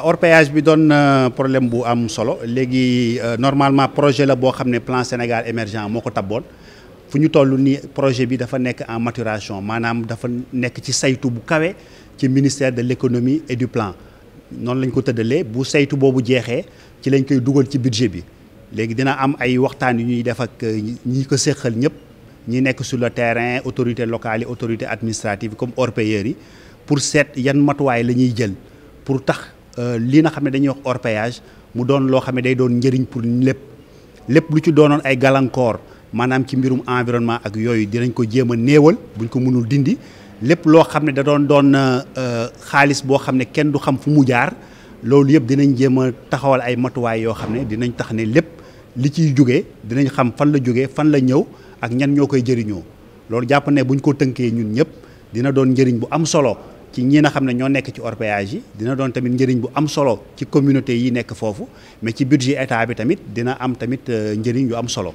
Ah, orpaillage bi doon euh, problème bu am solo léegi euh, normalement projet la boo ne plan Sénégal émergent moo ko tabboon fu projet bi dafa nekk en maturation maanaam dafa nekk ci saytu bu kawe ci ministère de l'économie et du plan Non lañ ko le bu saytu bobu jéxé ci lañ koy dugal ci budget bi légui dina am ay waxtaan ñuy def ak euh, ñi ko séqal ñëpp ñi nekk sur le terrain autorités locales autorité autorités administratives comme orpailleurs yi pour seet yan matuwaay lañuy jël pour tax Euh, lii nga xam ne dañuy wax orpaillage mu doon loo xam ne day doon njëriñ pour lépp lépp lu ci doonoon ay gàllankoor maanaam ci mbirum environnement ak yooyu dinañ ko jéem a néewal buñ ko mënul dindi lépp loo xam ne da doon doon euh, xaalis boo xam ne kenn du xam fu mu jaar loolu yëpp dinañ jéem a taxawal ay matuwaay yoo xam ne dinañ tax ne lépp li ciy jóge dinañ xam fan la jógee fan la ñëw ak ñan ñoo koy jëriñoo loolu jàpp ne buñ ko tënkee ñun ñëpp dina doon njëriñ bu am solo ci ñi a xam ne ñoo nekk ci orpaillage yi dina doon tamit njëriñ bu am solo ci communauté yi nekk foofu mais ci budget état bi tamit dina am tamit euh, njëriñ lu am solo